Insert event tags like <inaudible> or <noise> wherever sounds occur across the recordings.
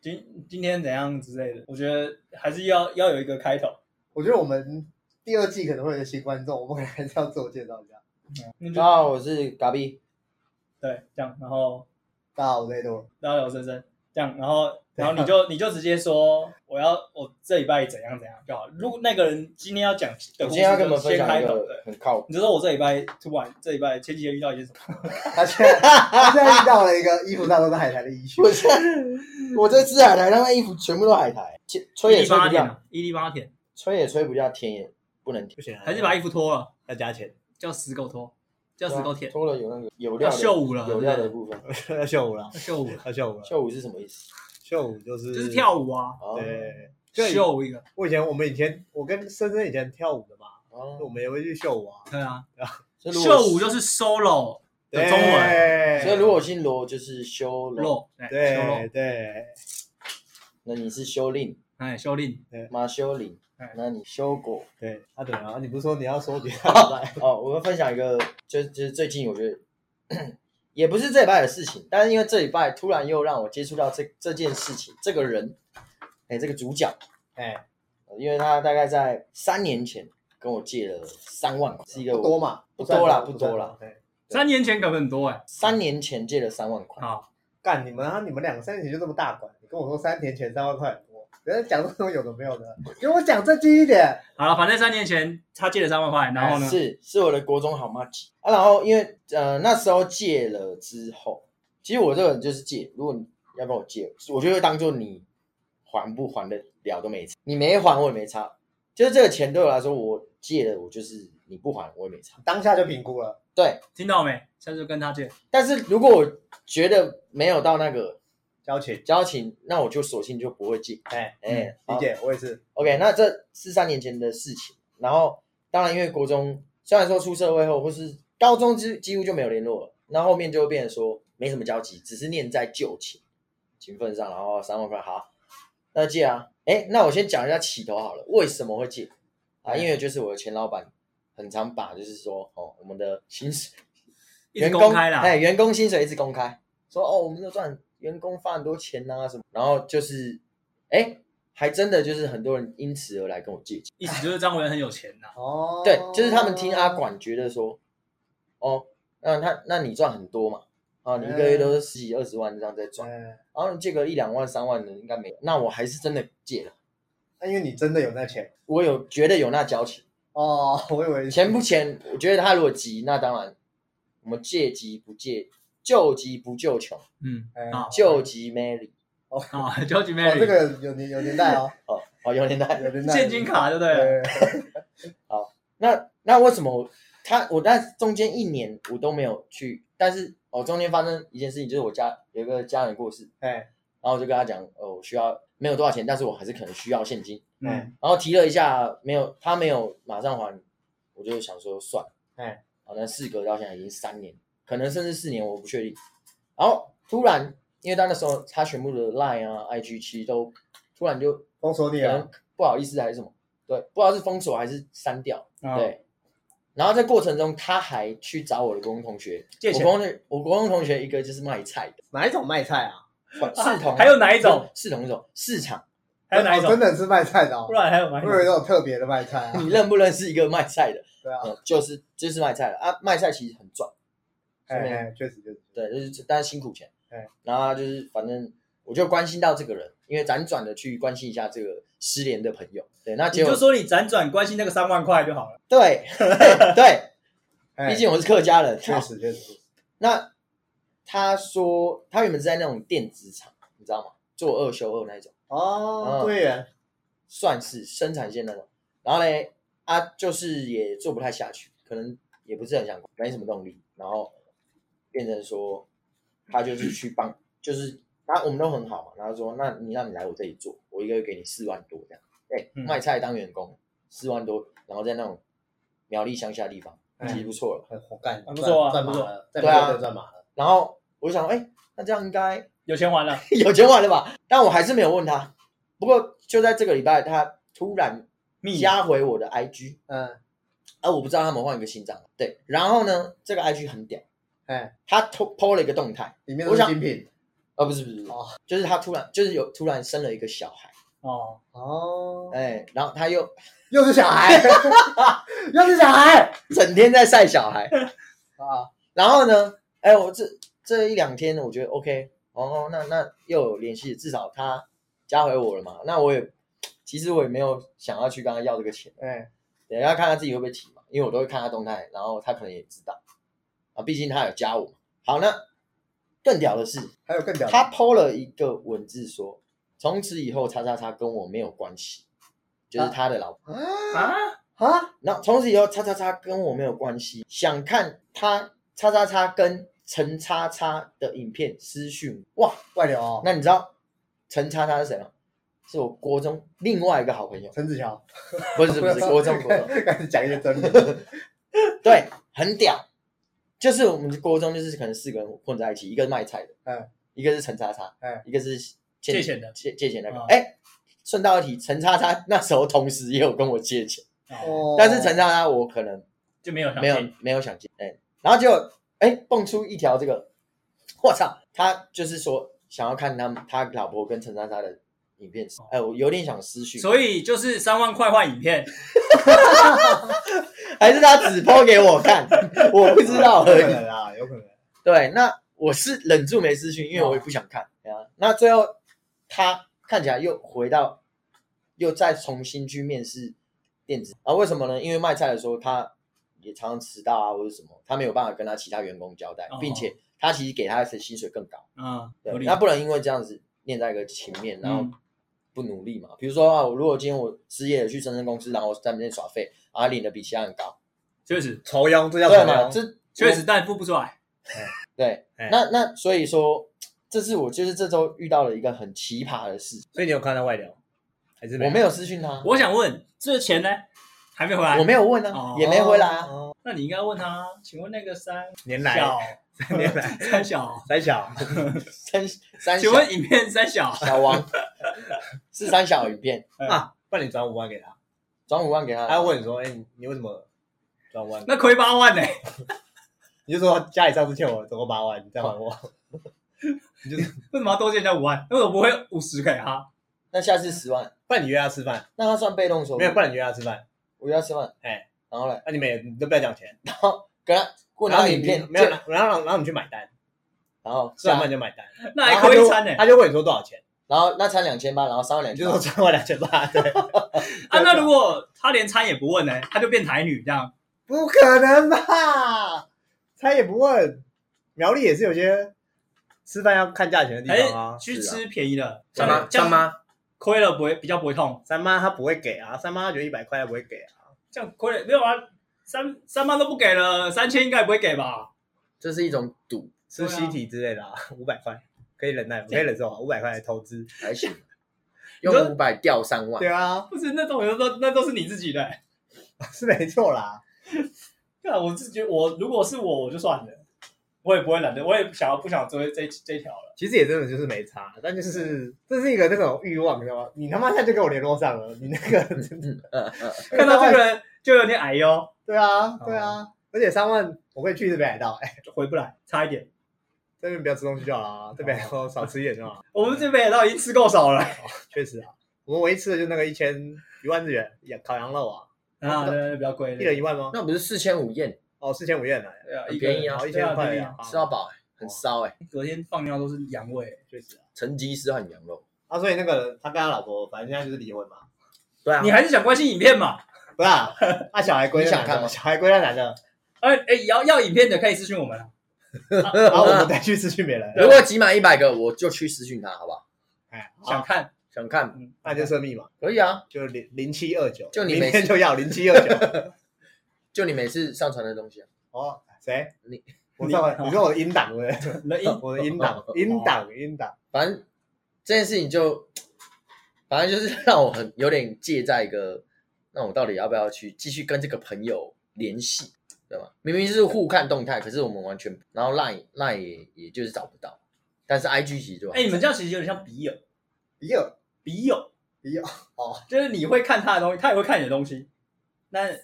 今天今天怎樣之類的，我覺得還是要要有一個開頭。我覺得我們第二季可能會有新觀眾，我們可能還是要自我介紹一下。嗯，大家好，我是嘎比。對，這樣，然後大家好，我是雷多，大家好，我深深，我是森森。這樣然後，然後你就你就直接說我，我要我這禮拜怎樣怎樣就好。如果那個人今天要講等故事是，今天要跟我們分享一個很靠。你知道我這禮拜突然，這禮拜前幾天遇到一件，什麼？哈哈哈他現在遇到了一個衣服上都是海苔的醫學。 <laughs> 我這隻海苔，他那衣服全部都海苔，吹也吹不掉，一粒八片，啊，吹也吹不掉，貼也不能貼，還是把衣服脫了再加錢，叫死狗脫。叫、啊、十高鐵，通了，有那個有料要秀舞了，有料的部分 <laughs> 要秀舞了，秀舞要秀舞，了要秀舞了，秀舞是什麼意思？秀舞就是就是跳舞啊，對，哦、秀舞一個。我以前我們以前我跟深深以前跳舞的嘛，哦、我們也會去秀舞啊。對啊，秀舞就是 solo 的中文，所以如果姓羅就是修羅，對對，對。那你是修令，哎，修令，馬修令，那你修果，對，啊對啊，你不是說你要說其他哦， <laughs> <laughs> 我們分享一個。就就是最近，我覺得也不是這禮拜的事情，但是因為這禮拜突然又讓我接觸到這這件事情，這個人，哎、欸，這個主角，哎、欸呃，因為他大概在三年前跟我借了三萬塊、嗯，是一個不多嘛，不多啦，不多啦，多啦三年前可能很多哎、欸，三年前借了三萬塊，好，幹你們啊，你們兩三年前就這麼大款，你跟我說三年前三萬塊。講這種有的沒有的，給我講這句一點。好了，反正三年前他借了三萬塊，然後呢？是是我的國中好麻吉啊。然後因為呃那時候借了之後，其實我這個人就是借，如果你要跟我借，我覺得會當做你還不還的了都沒差。你沒還我也沒差，就是這個錢對我來說，我借了我就是你不還我也沒差，當下就評估了。對，聽到沒？下次跟他借。但是如果我覺得沒有到那個。交情，交情，那我就索性就不會借。哎、欸、哎、嗯欸，理解，我也是。OK，那這是三年前的事情，然後當然因為國中雖然說出社會後或是高中之幾乎就沒有聯絡了，那後，後面就會變成說沒什麼交集，只是念在舊情情分上，然後三萬塊好，那借啊。哎、欸，那我先講一下起頭好了，為什麼會借、嗯、啊？因為就是我的前老闆，很常把就是說哦，我們的薪水，員工，開、欸、哎，員工薪水一直公開，說哦，我們都賺。員工發很多錢吶、啊，什麼，然後就是，哎、欸，還真的就是很多人因此而來跟我借錢，意思就是張文很有錢吶、啊哎。哦，對，就是他們聽阿管覺得說，哦，那他那你賺很多嘛，啊，你一個月都是十幾二十萬這樣在賺、哎，然後你借個一兩萬三萬的應該沒那我還是真的借了，那，哎、因為你真的有那錢，我有覺得有那交情哦，我以為錢不錢，我覺得他如果急，那當然我們借急不借。救急不救窮，嗯，救急 Mary,、嗯 Mary, 哦 <laughs> 哦、Mary，哦，救急 Mary，這個有年有年代哦，哦， <laughs> 哦，有年代，有年代， <laughs> 現金卡對對，對對對， <laughs> 好，那那為什麼我他我在中間一年我都沒有去，但是哦中間發生一件事情，就是我家有個家人過世，哎、欸，然後我就跟他講哦，我需要沒有多少錢，但是我還是可能需要現金，嗯，嗯，然後提了一下沒有，他沒有馬上還，我就想說算，哎、欸，好、哦，那事隔到現在已經三年。可能甚至四年，我不確定。然後突然，因為他那時候他全部的 line 啊、IG 其實都突然就封鎖你了。不好意思還是什麼？對，不知道是封鎖還是刪掉、嗯。對。然後在過程中，他還去找我的國中同學借錢。我國中，我國中同、同學一個就是賣菜的，哪一種賣菜啊？啊市同、啊、還有哪一種？是同一種市場，還有哪一種？真的是賣菜的哦。不然還有哪一種有特別的賣菜啊？ <laughs> 你認不認識一個賣菜的？對啊，嗯、就是就是賣菜的啊，賣菜其實很賺。哎，哎，確實就是對，就是但是辛苦錢。哎，然後就是反正我就關心到這個人，因為輾轉的去關心一下這個失聯的朋友。對，那就你就說你輾轉關心那個三萬塊就好了。對，對，畢、哎、竟我們是客家人，確實確實，實。那他說他原本是在那種電子廠，你知道嗎？做二休二那一種哦，對呀，算是生產線那種、個。然後呢，他、啊、就是也做不太下去，可能也不是很想，沒什麼動力。然後。變成說，他就是去幫，就是他我們都很好嘛。然後說，那你那你來我這裡做，我一個月給你四萬多這樣。哎，賣菜當員工，四萬多，然後在那種苗栗鄉下的地方，其實不錯了，很好幹，很不錯，啊，賺不錯。對啊，賺麻了。然後我就想說，哎，那這樣應該有錢還了，有錢還了吧？但我還是沒有問他。不過就在這個禮拜，他突然加回我的 IG。嗯，啊，我不知道他們換一個新賬號。對，然後呢，這個 IG 很屌。哎，他 po、po 了一個動態，裡面的精品啊。哦，不是不是，哦、就是他突然就是有突然生了一個小孩哦哦，哎，然後他又又是小孩，哎、 <laughs> 又是小孩，整天在曬小孩啊，然後呢，哎，我這這一兩天我覺得 OK，哦那那又有聯繫，至少他加回我了嘛，那我也其實我也沒有想要去跟他要這個錢，哎，等一下看他自己會不會提嘛，因為我都會看他動態，然後他可能也知道。畢竟他有加我，好，那更屌的是，還有更屌的，他 PO 了一個文字說，從此以後叉叉叉跟我沒有關係，啊，就是他的老婆啊啊，然後從此以後叉叉叉跟我沒有關係，想看他叉叉叉跟陳叉叉的影片私訊。哇，外流哦。那你知道陳叉叉是誰嗎？是我國中另外一個好朋友陳子喬，不是 <laughs> 不，不是國中朋友，剛才講一個真的 <laughs> 對，很屌。就是我們國中，就是可能四個人混在一起，一個是賣菜的，嗯，一個是陳叉叉，嗯，一個是借，借錢的，借借錢那個，哎、哦，欸，順道一提，陳叉叉那時候同時也有跟我借錢，哦，但是陳叉叉我可能沒有，就沒有沒有沒有想借，哎、欸，然後就哎、欸，蹦出一條這個，我操，他就是說想要看他他老婆跟陳叉叉的。影片，哎、呃，我有點想私訊，所以就是三萬塊換影片， <laughs> <laughs> 還是他只拋給我看， <laughs> 我不知道而已。有可能啊，有可能。對，那我是忍住沒私訊，嗯，因為我也不想看，對啊。那最後他看起來又回到，又再重新去面試電子啊？為什麼呢？因為賣菜的時候他也常常遲到啊，或者什麼，他沒有辦法跟他其他員工交代，哦、並且他其實給他的薪水更高，嗯、哦，那不能因為這樣子念在一個情面，然後。嗯不努力嘛？比如說啊，我如果今天我失業了，去深圳公司，然後在那邊耍廢，然後領的比其他人高，確實抽佣這樣子嘛，這確實但付不出來。欸、對，欸、那那所以說，這是我就是這週遇到了一個很奇葩的事。所以你有看到外流，還是沒我沒有私訊他？啊？我想問，這個錢呢還沒回來？我沒有問啊，哦、也沒回來啊。哦、那你應該問他，請問那個三年來？三小 <laughs> 三小，三小，三三。請問影片三小？小王是三小影片啊。不然你轉五萬給他，轉五萬給他。他、啊、問你說：“哎、欸，你為什麼轉五萬？那虧八萬呢、欸？”你就說：“家裡上次欠我總共八萬，你再還我。”你就是、 <laughs> 為什麼要多借人家五萬？那我不會五十給他，那下次十萬。不然你約他吃飯，那他算被動收入。沒有，不然你約他吃飯，我約他吃飯，哎、欸，然後呢，那你每你都不要講錢，然後給他。過然後你沒有，然後讓然後你去買單，然後吃完飯就買單，那還可以餐呢、欸？他就問你說多少錢，然後那餐兩千八，然後三萬兩就說餐我兩千八 <laughs> 對、 <laughs> 啊，對。啊，那如果他連餐也不問呢、欸？他就變台女這樣？不可能吧？餐也不問，苗栗也是有些吃飯要看價錢的地方、啊欸、去吃便宜的。三媽、啊，三媽虧了不會比較不會痛，三媽他不會給啊，三媽他覺得一百塊他不會給啊，這樣虧了沒有啊？三三萬都不給了，三千應該也不會給吧？這是一種賭，是吸提之類的啊。五百塊可以忍耐，可以忍受，五百塊來投資還行， <laughs> 用五百掉三萬。對啊，不是那種人都，那都是你自己的、欸，是沒錯啦。對 <laughs> 啊，我自己，我如果是我，我就算了，我也不會懶得我也不想要不想要追這一這一條了。其實也真的就是沒差，但就是、嗯、這是一個那種欲望，你知道嗎？你他媽現在就跟我聯絡上了，你那個真的 <laughs> <laughs> <laughs> 看到這個人。 <laughs> 就有點矮喲，對啊，對啊，嗯、而且三萬，我可以去北海道、欸，哎，回不來，差一點。這邊不要吃東西就好了、啊， <laughs> 這邊多少吃一點就好。 <laughs> <laughs> 我們北海道已經吃夠少了，確、 <laughs> 哦、實啊，我們唯一吃的就那個一千一萬日元烤羊肉啊，啊，那個、對,對,對，比較貴，一人一萬嗎？那我們是四千五元，哦，四千五元啊，對啊，很便宜啊，一千塊啊，吃到飽、欸哦，很騷、欸、隔天放尿都是羊味、欸，確實、啊，成吉思汗羊肉。啊，所以那個他跟他老婆，反正現在就是離婚嘛對、啊，對啊。你還是想關心影片嘛？不 <laughs> 啦、啊，那小孩龜你想看嗎？小孩龜在哪個？哎、欸、哎、欸，要要影片的可以私訊我們、啊，然、 <laughs> 啊、好、嗯啊、我們再去私訊別人。如果集滿一百個，我就去私訊他，好不好？哎、欸，想看想看、嗯、想看，那就設密碼可以啊，就零零七二九，就你每天就要零七二九， <laughs> 就你每次上傳的東西啊。哦，誰？你？你我？你說我的音檔的？音？我的， <laughs> 我的音檔？ <laughs> 音檔？音檔？反正，反正這件事情就，反正就是讓我很有點借在一個。那、嗯、我到底要不要去繼續跟這個朋友聯繫，對吧？明明是互看動態，可是我們完全，然後 Line、Line 也就是找不到。但是 I G 其實就哎，你們這樣其實有點像筆友，筆友，筆友，筆友哦，就是你會看他的東西，他也會看你的東西，但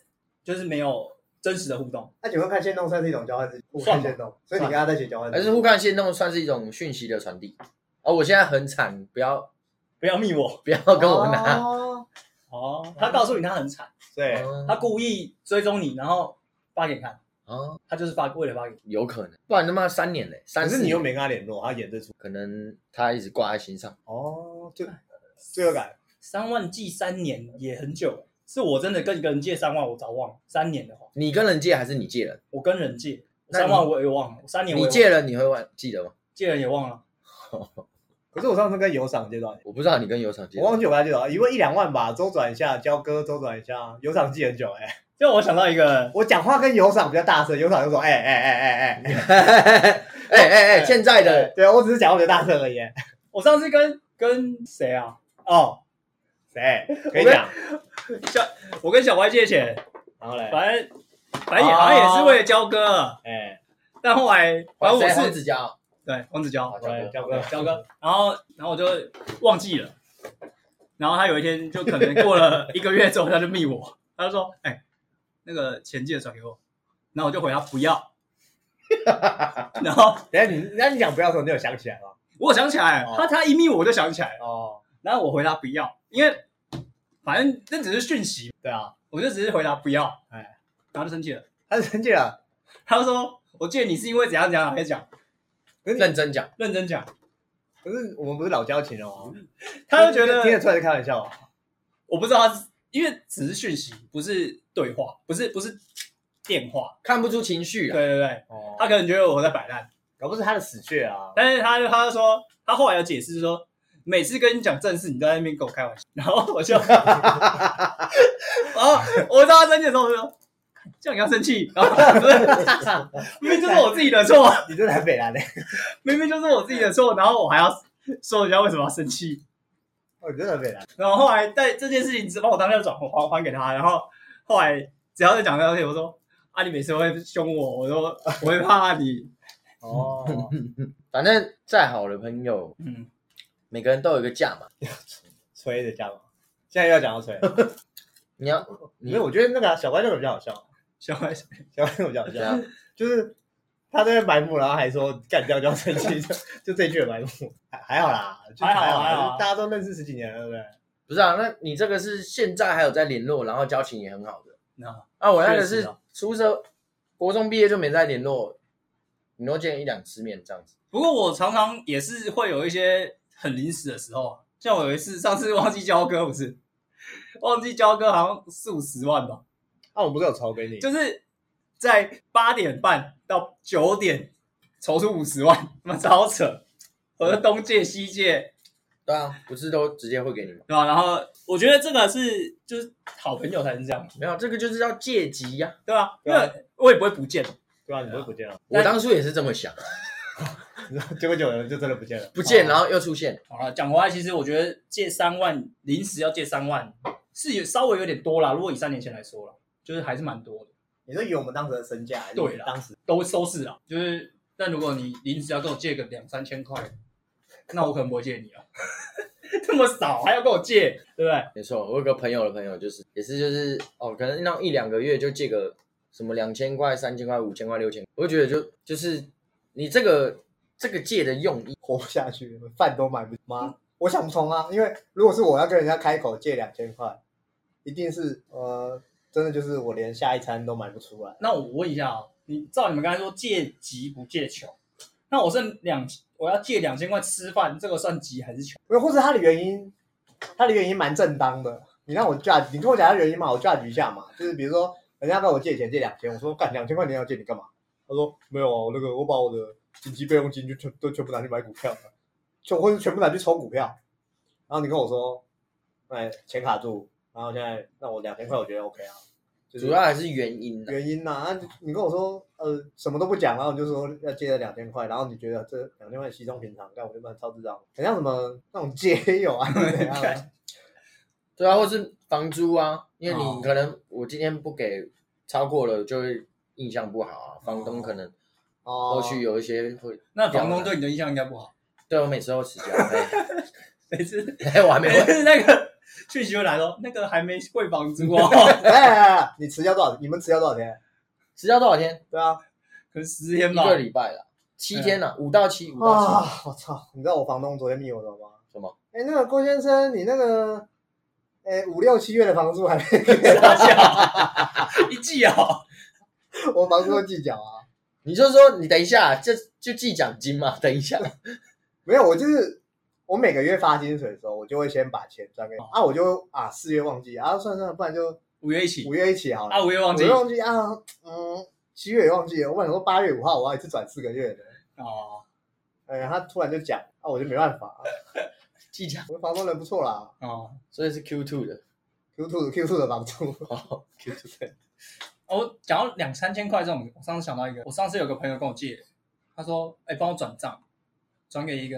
就是沒有真實的互動。他只會看線動，算是一種交換式互看動，所以你跟他在寫交換。還是互看線動算是一種訊息的傳遞？哦，我現在很慘，不要不要密我，不要跟我拿、哦。哦，他告訴你他很慘、啊，對、啊，他故意追蹤你，然後發給你看。哦、啊，他就是發，為了發給你，有可能。不然他媽三年嘞，但是你又沒跟他聯絡，他演得出？可能他一直掛在心上。哦，對，這個感。三萬記，三年也很久，是我真的跟一個人借三萬，我早忘了。三年的話，你跟人借還是你借人？我跟人借，三萬我也忘了。我三年我忘了，你借了你會忘了記得嗎？借了也忘了。 <laughs> 不是，我上次跟有賞借到，我不知道你跟有賞借。我忘記我該借多少，以為一兩萬吧，周轉一下，交割周轉一下。有賞借很久誒、欸、就我想到一個，我講話跟有賞比較大聲，有賞就說：“哎哎哎哎哎，哎哎哎！”現在的、欸、對啊，我只是講話比較大聲而已、欸。我上次跟跟誰啊？哦，誰？可以講 <laughs> 小，我跟小乖借錢，然後嘞，反正反正好像也是為了交割，誒、欸、但後來反正我是只交。對王子嬌，對嬌哥，嬌哥，然後然後我就忘記了，然後他有一天就可能過了一個月之後，他就密我， <laughs> 他就說，哎，那個錢記得轉給我，然後我就回他不要， <laughs> 然後，等下你，那你講不要的時候，你有想起來嗎？我想起來、哦，他他一密我就想起來哦，然後我回他不要，因為反正那只是訊息，對啊，我就只是回答不要，哎，然後就生氣了，他就生氣了，他就說，我借你是因為怎樣怎樣，可以講。認真講，認真講。可是我們不是老交情哦，他就覺得就聽得出來開玩笑。啊。我不知道，他是，因為只是訊息，不是對話，不是不是電話，看不出情緒。對對對，哦，他可能覺得我在擺爛，而不是他的死穴啊。但是他就他就說，他後來有解釋，說每次跟你講正事，你都在那邊跟我開玩笑，然後我就，然 <laughs> 後 <laughs> <laughs> 我，我知道他我就說。叫你要生氣，哈哈、 <laughs> <laughs> 欸，明明就是我自己的錯。你真的很北來的，明明就是我自己的錯，然後我還要說人家為什麼要生氣。我真的很北來的，然後後來在這件事情，你把我當下轉還，還還給他，然後後來只要他講東西，我說啊，你每次都會凶我，我說我會怕你。哦， <laughs> 反正再好的朋友，嗯，每個人都有一個架嘛，吹的架嘛，現在又要講到吹 <laughs> 你要。你要，因為我覺得那個小怪就個比較好笑。小白小壞白怎麼講、就是？就是他在白幕，然後還說幹掉，掉就要生氣，就這句白幕，還好，還好啦，還好啊，大家都認識十幾年了，對不對？不是啊，那你這個是現在還有在聯絡，然後交情也很好的。那啊，我那個是初中、國中畢業就沒再聯絡，你都見一兩次面這樣子。不過我常常也是會有一些很臨時的時候，像我有一次上次忘記交歌，不是忘記交歌，好像四五十萬吧。那、啊、我不是有籌給你？就是在八點半到九點籌出五十萬，他超扯！我在東借西借，對啊，不是都直接會給你嗎？對吧、啊？然後我覺得這個是就是好朋友才是這樣，沒有這個就是要借急呀，對吧、啊？因為、啊那個、我也不會不見。對啊，你不會不見了啊？我當初也是這麼想，結 <laughs> 果 <laughs> 久了就真的不見了，不見，啊、然後又出現。好了、啊，講回來，其實我覺得借三萬，臨時要借三萬是有稍微有點多了，如果以三年前來說了。就是還是蠻多的。你說以我們當時的身價，對當時都收拾了。就是，但如果你臨時要跟我借個兩三千塊， <laughs> 那我可能不會借你啊。 <laughs> 這麼少、啊、 <laughs> 還要跟我借，對不對？沒錯。我有個朋友的朋友，就是也是就是哦，可能那一兩個月就借個什麼兩千塊、三千塊、五千塊、六千塊。我覺得就就是你這個這個借的用意，活不下去，飯都買不嗎、嗯？我想不通啊。因為如果是我要跟人家開口借兩千塊，一定是呃。真的就是我連下一餐都買不出來。那我問一下啊、哦，你照你們剛才說，借急不借窮？那我是兩，我要借兩千塊吃飯，這個算急還是窮？不是，或者他的原因，他的原因蠻正當的。你讓我舉，你跟我講他的原因嘛，我舉例一下嘛。就是比如說，人家跟我借錢借兩千，我說幹，兩千塊錢要借你幹嘛？他說沒有啊，我那、這個我把我的緊急備用金就全都全部拿去買股票了，就，或者全部拿去衝股票。然後你跟我說，哎、欸，錢卡住。然後現在那我兩千塊，我覺得 OK 啊。主要還是原因、啊，原因吶、啊，你跟我說，呃，什麼都不講，然後就說要借了兩千塊，然後你覺得這兩千塊稀鬆平常，但我覺得超緊張，很像什麼那種街友啊，啊 <laughs> 對啊，或是房租啊，因為你可能我今天不給超過了，就會印象不好啊、哦，房東可能，哦，或許有一些會，那房東對你的印象應該不好。對，好對我每次都是這樣，嘿 <laughs> 每次，哎、欸，我還沒問。每次那個。訊息又來了，那個還沒匯房租啊、哦！ <laughs> 哎，你遲交多少？你們遲交多少天？遲交多少天？對啊，可能十天嘛，一個禮拜了，七天了、啊，五、嗯、到七，五到七。我操！你知道我房東昨天密我的嗎？什麼？哎、欸，那個郭先生，你那個，哎、欸，五六七月的房租還沒交， <laughs> 一計記哦好。 <laughs> 我房租都計繳啊。你就說你等一下就，就就計獎金嘛等一下， <laughs> 沒有，我就是。我每個月發薪水的時候，我就會先把錢轉給你、哦啊。啊，我就啊，四月忘記啊，算了算了，不然就五月一起，五月一起好了。啊，五月忘記，五月忘記啊，嗯，七月也忘記了。我本來想說八月五號我要一次轉四個月的。哦，哎，他突然就講，啊，我就沒辦法。記 <laughs> 賬，我們房東人不錯啦。哦，所以是 Q two 的，Q two 的，Q two 的房租。哦，Q two 的。 <laughs> 哦、我講到兩三千塊這種，我上次想到一個，我上次有個朋友跟我借，他說：“哎、欸，幫我轉賬，轉給一個。”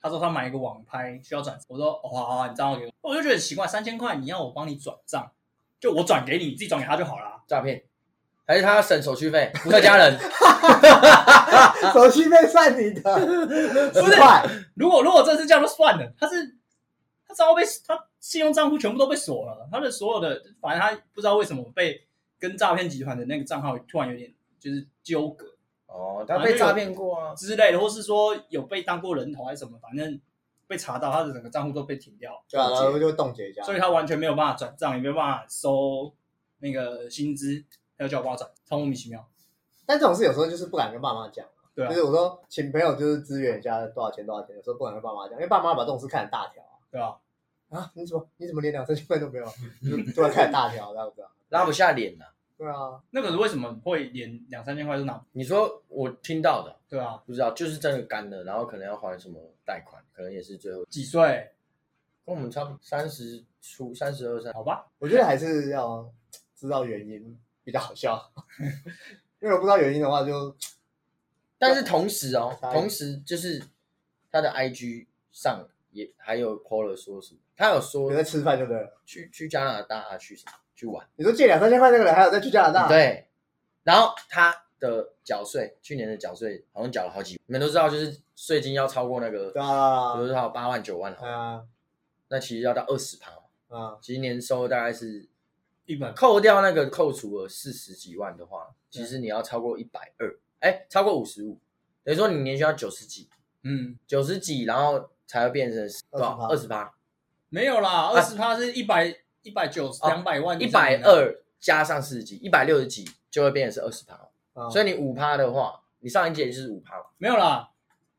他說他買一個網拍需要轉，我說、哦、好，好，你賬號給我，我就覺得很奇怪，三千塊你要我幫你轉賬，就我轉給你，你自己轉給他就好了、啊，詐騙，還是他要省手續費， <laughs> 不在家人， <laughs> <laughs> 手續費算你的，不是， <laughs> 如果如果這次這樣都算了，他是他賬號被他信用賬戶全部都被鎖了，他的所有的反正他不知道為什麼被跟詐騙集團的那個賬號突然有點就是糾葛。哦，他被詐騙過啊之類的，或是說有被當過人頭還是什麼，反正被查到他的整個賬戶都被停掉，對啊，結果就凍結一下，所以他完全沒有辦法轉賬，也沒辦法收那個薪資，他要叫我幫他轉，超莫名其妙。但這種事有時候就是不敢跟爸媽講，對啊，就是我說請朋友就是支援一下多少錢多少錢，有時候不敢跟爸媽講，因為爸媽把這種事看得大條、啊，對吧，啊？啊，你怎麼你怎麼連兩三千塊都沒有？ <laughs> 就突然看大條，知 <laughs> 道不知道？拉不下臉吶、啊。對啊，那可是為什麼會連兩三千塊都拿？你說我聽到的，對啊，不知道，就是真的乾的，然後可能要還什麼貸款，可能也是最後幾歲，跟、哦、我們差三十出三十二三，好吧，我覺得還是要知道原因比較好笑， <laughs> 因為我不知道原因的話就， <laughs> 但是同時哦，同時就是他的 IG 上也還有 Polar 說什麼，他有說在吃飯對不對？去去加拿大啊去什麼？去玩，你說借兩三千塊那個人，還有再去加拿大、嗯？對，然後他的繳稅，去年的繳稅好像繳了好幾、嗯，你們都知道，就是稅金要超過那個，嗯、比如說他有八萬九萬啊，那其實要到二十趴，啊，其實年收入大概是一百，扣掉那個扣除額四十幾萬的話，其實你要超過一百二，哎、嗯欸，超過五十五，等於說你年薪要九十幾，嗯，九十幾，然後才會變成多少二十趴，沒有啦，二十趴是一 100... 百，啊。一百九十兩百萬，一百二加上四十幾，一百六十幾就會變成是二十趴。所以你五趴的話，你上一屆就是五趴。沒有啦，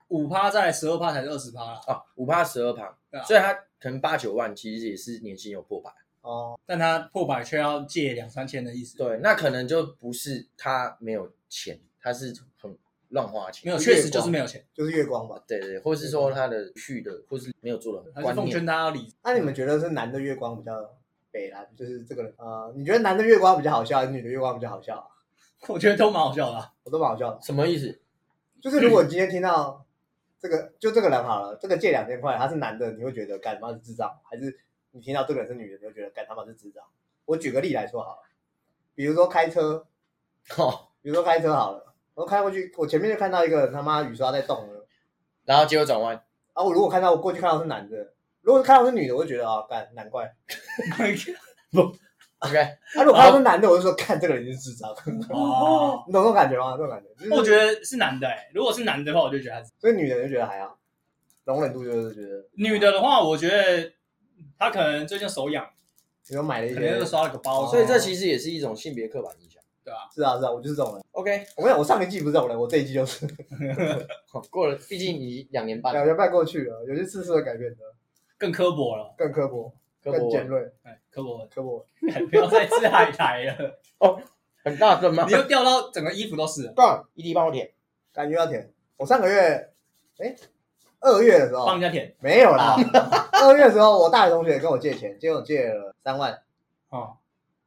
五趴在十二趴才是二十趴了。哦，五趴十二趴，yeah. 所以他可能八九萬其實也是年薪有破百。哦、oh.，但他破百卻要借兩三千的意思。對，那可能就不是他沒有錢，他是很亂花錢。沒有，確實就是沒有錢，就是月光,、就是、月光吧。對,對對，或是說他的去的，或是沒有做的很。是奉勸他要理。那、嗯啊、你們覺得是男的月光比較？北藍就是這個人啊、呃，你覺得男的月光比較好笑，還是女的月光比較好笑？啊、我覺得都蠻好笑的、啊，我都蠻好笑的。什麼意思？就是如果今天聽到這個，就這個人好了，這個借兩千塊，他是男的，你會覺得幹他媽是智障，還是你聽到這個人是女的，你會覺得幹他媽是智障？我舉個例來說好了，比如說開車，好、哦，比如說開車好了，我開過去，我前面就看到一個他媽雨刷在動了，然後結果轉彎，啊，我如果看到我過去看到是男的。如果看到是女的，我就覺得啊，怪難怪，OK。那如果看到是男的，啊、我就說看這個人是智障。哦， <laughs> 你懂這種感覺嗎？這種感覺、就是？我覺得是男的誒、欸、如果是男的話，我就覺得是。所以女的就覺得還好，容忍度就是覺得。女的的話，我覺得她可能最近手癢，比如買了一些，又刷了個包了、哦。所以這其實也是一種性別刻板印象，對吧、啊？是啊，是啊，我就是這種人。OK，我沒有，我上一季不是這種人，我這一季就是。 <laughs> <laughs> 過了，畢竟你兩年半，兩年半過去了，有些事是會改變的。更刻薄了，更刻薄，更尖銳，哎，刻薄，刻薄，了不要再吃海苔了。哦，很大聲嗎？你又掉到整個衣服都濕了。一滴幫我舔，感覺要舔。我上個月，哎，二月的時候幫人家舔，沒有啦。二月的時候， <laughs> 的時候我大學同學跟我借錢，結果我借了三萬，哦，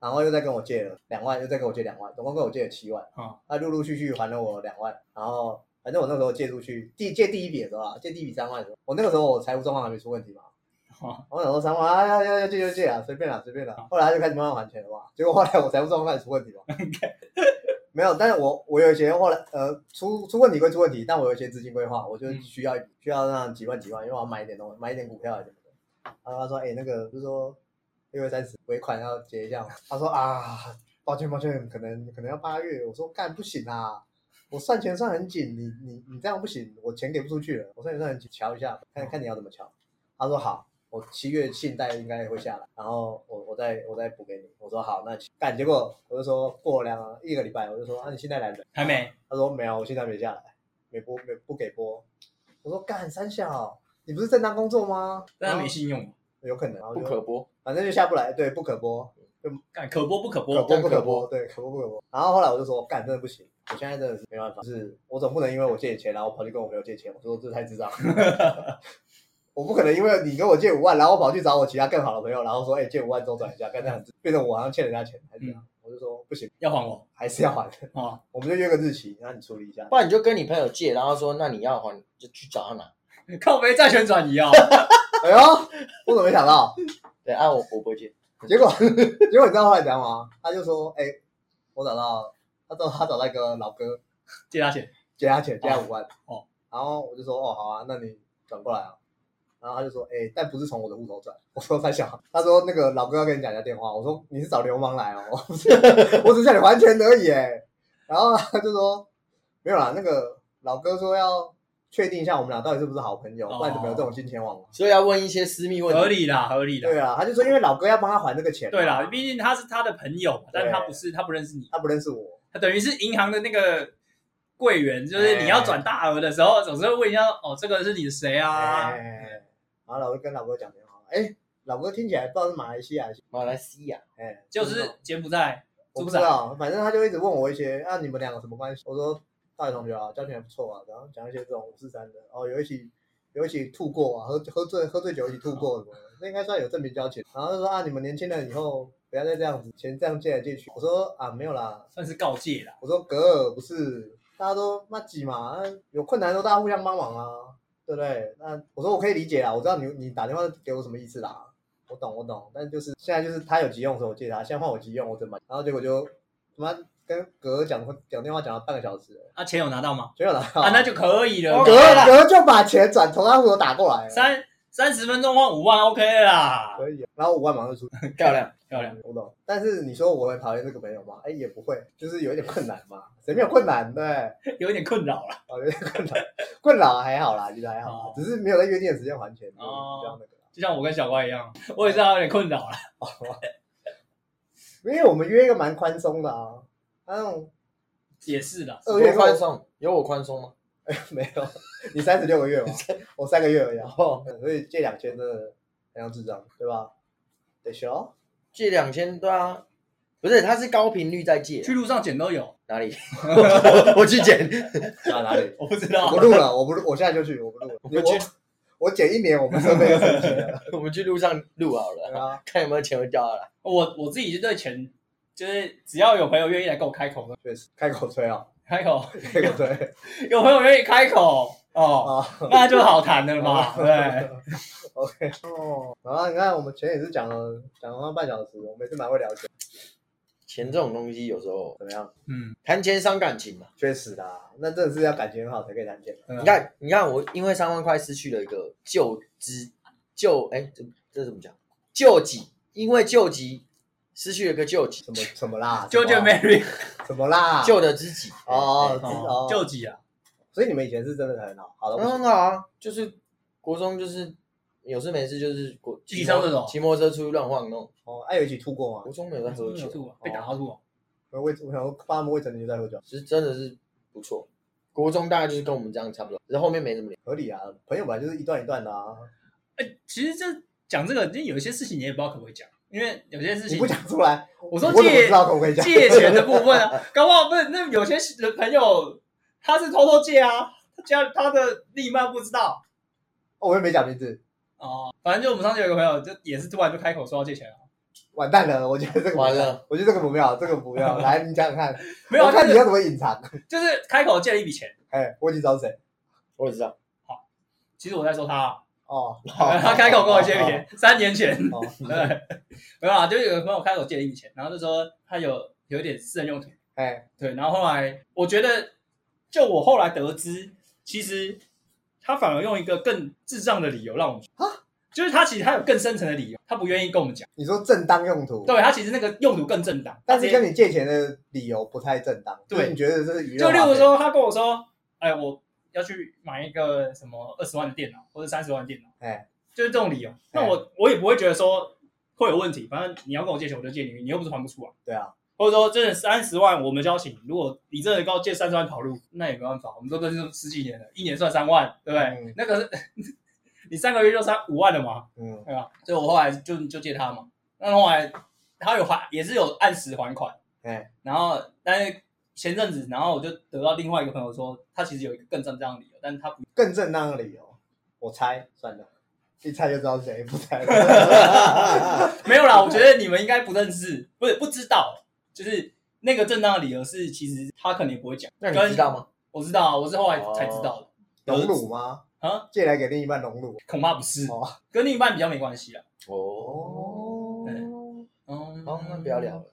然後又再跟我借了兩萬，又再跟我借兩萬，總共跟我借了七萬，哦，他陸陸續續續還了我兩萬，然後反正我那個時候借出去，第借第一筆的時候，借第一筆三萬的時候，我那個時候我財務狀況還沒出問題嘛。哦、我想說三萬啊要要借就借啊，隨便了，隨便了。後來他就開始慢慢還錢了嘛。結果後來我才不知道開始出問題了、OK。 <laughs> 沒有，但是我我有一些後來呃出出問題歸出問題，但我有一些資金規劃，我就需要一需要那幾萬幾萬，因為我要買一點東西，買一點股票什麼的。然後他說：“哎、欸，那個就是說六月三十尾款要結一下。”他說：“啊，抱歉抱歉，可能可能要八月。”我說：“幹不行啊，我算錢算很緊，你你你這樣不行，我錢給不出去了。我算錢算很緊，瞧一下看看你要怎麼瞧。”他說：“好。”我七月信貸應該會下來，然後我我再我再補給你。我說好，那幹結果我就說過兩個一個禮拜，我就說那、啊、你現在來了還沒？他說沒有，我現在沒下來，沒播沒不給播。我說幹三小，你不是正當工作嗎？但他沒信用，然後有可能，不可播就，反正就下不來，對，不可播，就幹可播不可播，可播不可播，可播，對，可播不可播。然後後來我就說幹真的不行，我現在真的是沒辦法，就是，我總不能因為我借錢，然後我跑去跟我朋友借錢，我就說這太智障。 <laughs> 」我不可能因為你跟我借五萬，然後我跑去找我其他更好的朋友，然後說哎、欸、借五萬周轉一下，變成變成我好像欠人家錢，還是這、啊、樣、嗯，我就說不行，要還我，還是要還的好啊，我們就約個日期，然後你處理一下，不然你就跟你朋友借，然後說那你要還你就去找他拿，靠北，我沒債權轉移啊，哎呦，我怎麼沒想到？ <laughs> 對按、啊、我不借，結果結果你知道後來怎樣嗎？他就說哎，我找到他找他找那個老哥借他錢，借他錢借他五萬，哦，然後我就說哦好啊，那你轉過來啊。然後他就說：“誒、欸、但不是從我的戶頭轉。”我說：“在想。”他說：“那個老哥要跟你講一下電話。”我說：“你是找流氓來哦？ <laughs> <laughs> 我只叫你還錢而已、欸。”誒然後他就說：“沒有啦。”那個老哥說要確定一下我們倆到底是不是好朋友，哦、不然怎麼有這種金錢往來、啊？所以要問一些私密問題。合理的，合理的。對啊，他就說因為老哥要幫他還這個錢。對啦畢竟他是他的朋友，嘛，但他不是，他不認識你，他不認識我，他等於是銀行的那個櫃員，就是你要轉大額的時候，欸、總是會問一下：“哦，這個是你的誰啊？”欸然後我就跟老哥講電話，哎、欸，老哥聽起來不知道是馬來西亞，還是馬來西亞，哎、欸，就是柬埔寨，嗯、柬埔寨我不知道，反正他就一直問我一些，嗯、啊，你們兩個什麼關係？ <laughs> 我說大學同學啊，交情還不錯啊，然後講一些這種五四三的，哦，有一起有一起吐過啊，喝喝醉喝醉酒一起吐過什麼的，那、嗯、應該算有證明交情。然後他就說啊，你們年輕人以後不要再這樣子錢這樣借來借去。我說啊，沒有啦，算是告誡啦。我說格爾不是，大家都嘛擠嘛，有困難的時候，大家互相幫忙啊。對不對？那我說，我可以理解啦，我知道你你打電話給我什麼意思啦，我懂我懂。但就是現在就是他有急用的時候我借他，現在換我急用，我怎麼？然後結果就怎麼跟哥哥講講電話講了半個小時。那、啊、錢有拿到嗎？錢有拿到啊，那就可以了。哥、okay. 哥就把錢轉從他戶頭打過來。三。三十分鐘換五萬，OK 啦，可以。然後五萬馬上出 <laughs> 漂亮，漂亮漂亮，懂不懂？但是你說我會討厭這個朋友嗎？哎、欸，也不會，就是有一點困難嘛，誰 <laughs> 沒有困難，對，有一點困擾了，有 <laughs> 點困擾，困擾還好啦，其實還好啦、哦，只是沒有在約定的時間還錢，比、哦、較那個，就像我跟小乖一樣，我也是有點困擾了。 <laughs> <laughs> 因為我們約一個蠻寬鬆的啊，反、嗯、正也是的，二月寬鬆，有我寬鬆嗎？ <laughs> 沒有，你三十六個月嗎、喔？ <laughs> 我三個月而已、啊哦，所以借兩千真的很有智障，對吧？得學哦，借兩千，對啊，不是，它是高頻率在借，去路上撿都有，哪裡？ <laughs> <laughs> 我，我去撿、 <laughs> 啊，哪裡？我不知道，我錄了，我不錄，我現在就去，我不錄了。我去，我撿一年，我們都沒有， <laughs> 我們去路上錄好了、 <laughs> 啊，看有沒有錢會掉下來。我我自己就對錢，就是只要有朋友願意來跟我開口的、 <laughs> 就是，開口吹啊。開口，開口，對，有朋友願意開口，哦，那就好談的嘛，對。OK，哦，然後你看，我們前也是講了，講了半小時，我們每次蠻會聊天。錢這種東西有時候怎麼樣？嗯，談錢傷感情嘛，確實的、啊，那真的是要感情很好才可以談錢、嗯啊。你看，你看我因為三萬塊失去了一個救資，救哎、欸，這這怎麼講？救急，因為救急。失去了個救，基，怎麼怎麼啦 j o Mary，怎麼啦、啊？舊的知己哦、欸、哦，救基啊，所以你們以前是真的很好。好的。很好啊，就是國中就是有事沒事就是國騎車、騎摩托車出去亂晃弄。哦，愛、啊、有一起吐過嗎？國中沒有在喝酒，啊吐哦、被打吐了、哦。我想說我我他們未成年就在喝酒，其實真的是不錯。國中大概就是跟我們這樣差不多，然後後面沒怎麼理。合理啊，朋友吧，就是一段一段的啊。哎、欸，其實這講這個，因為有一些事情你也不知道可不可以講。因為有些事情不講出來，我說借我借錢的部分啊，搞不好不是那有些人朋友他是偷偷借啊，他的另一半不知道，哦、我又沒講名字哦，反正就我們上次有一個朋友就也是突然就開口說要借錢了、啊，完蛋了，我覺得這個完了，我覺得這個不妙，這個不妙，來，你想想看， <laughs> 沒有、啊，就是、看你要怎麼隱藏，就是開口借了一筆錢，哎，我已經知道誰，我也知道，好，其實我在說他、啊。哦，好，他開口跟我借錢，三年前，oh, oh, oh. <laughs> 對，沒有啊，就有朋友開口借了一筆錢，然後就說他有有一點私人用途，哎、欸，對，然後後來我覺得，就我後來得知，其實他反而用一個更智障的理由讓我們，啊，就是他其實他有更深層的理由，他不願意跟我們講。你說正當用途，對，他其實那個用途更正當，但是跟你借錢的理由不太正當，對，你覺得這個理由？就例如說，他跟我說，哎、欸，我。要去買一個什麼二十萬的電腦或者三十萬的電腦，哎、欸，就是這種理由。那我、欸、我也不會覺得說會有問題，反正你要跟我借錢我就借你，你又不是還不出來，對啊，或者說真的三十萬我們交情，如果你真的要借三十萬跑路，那也沒辦法。我們說這都是十幾年了，一年算三萬，對不對、嗯？那個是 <laughs> 你三個月就三五萬了嘛、嗯，對吧？所以我後來就就借他嘛。那後來他有還，也是有按時還款。欸、然後但是。前陣子，然後我就得到另外一個朋友說，他其實有一個更正當的理由，但是他不更正當的理由，我猜算了，一猜就知道是誰，不猜。 <laughs> <laughs> 沒有啦，我覺得你們應該不認識，不是不知道，就是那個正當的理由是，其實他肯定不會講。那你知道嗎？我知道啊，我是後來才知道的。隆、哦、乳嗎？啊，借來給另一半隆乳、啊？恐怕不是。哦、跟另一半比較沒關係啊。哦對、嗯。哦。那不要聊了，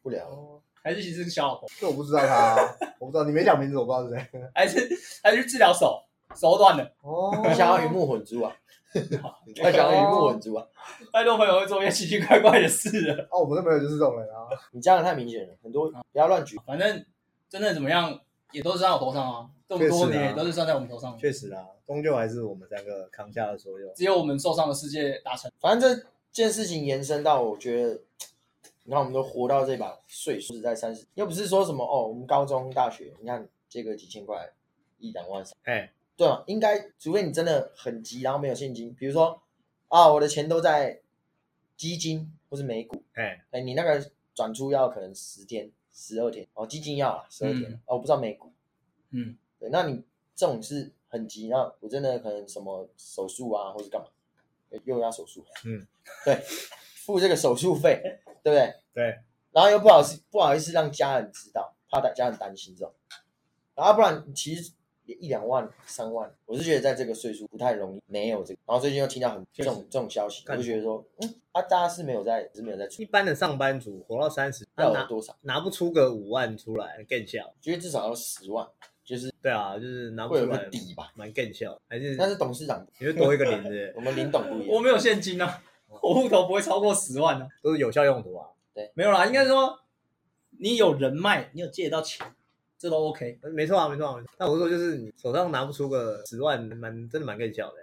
不聊了。還是其實是個小老頭，這我不知道他、啊， <laughs> 我不知道，你沒講名字，我不知道是誰。 <laughs> 還是還是治療手，手斷了。哦，你 <laughs> 想要魚目混珠啊？你 <laughs> <laughs> 想要魚目混珠啊？太 <laughs> 多朋友會做一些奇奇怪怪的事了。哦，我們的朋友就是這種人啊。你這樣太明顯了，很多、啊、不要亂舉。反正真的怎麼樣，也都是算在我頭上啊。這麼多年也都是算在我們頭上、啊。確實啊，終究、啊、還是我們三個扛下了所有。只有我們受傷的世界達成。反正這件事情延伸到，我覺得。你看，我們都活到這把歲數，在三十，又不是說什麼哦。我們高中、大學，你看借個幾千塊，一兩萬，哎，對啊，應該，除非你真的很急，然後沒有現金，比如說啊，哦，我的錢都在基金或是美股，哎，哎，你那個轉出要可能十天、十二天哦，基金要啊，十二天，嗯，哦，我不知道美股，嗯，對，那你這種是很急，那我真的可能什麼手術啊，或是幹嘛，又要手術，嗯，對。付這個手術費，對不對？對。然後又不好意思，不好意思讓家人知道，怕家人擔心這種。然後不然其實也一兩萬、三萬，我是覺得在這個歲數不太容易沒有這個。然後最近又聽到很這種這種消息，我就覺得說，嗯，他、啊、大家是沒有在是沒有在出。一般的上班族活到三十，要拿多少拿？拿不出個五萬出來更笑，覺得至少要十萬。就是對啊，就是拿不出個底吧，蠻更笑。還是？但是董事長，你就多一個零的 <laughs> 我們林董不一樣、啊，我沒有現金啊。我戶頭不會超過十萬啊，都是有效用途啊。對，沒有啦，應該說你有人脈，你有借得到錢，這都 OK。沒錯啊，沒錯啊。那、啊、我說就是說你手上拿不出個十萬，蠻真的蠻可以小的。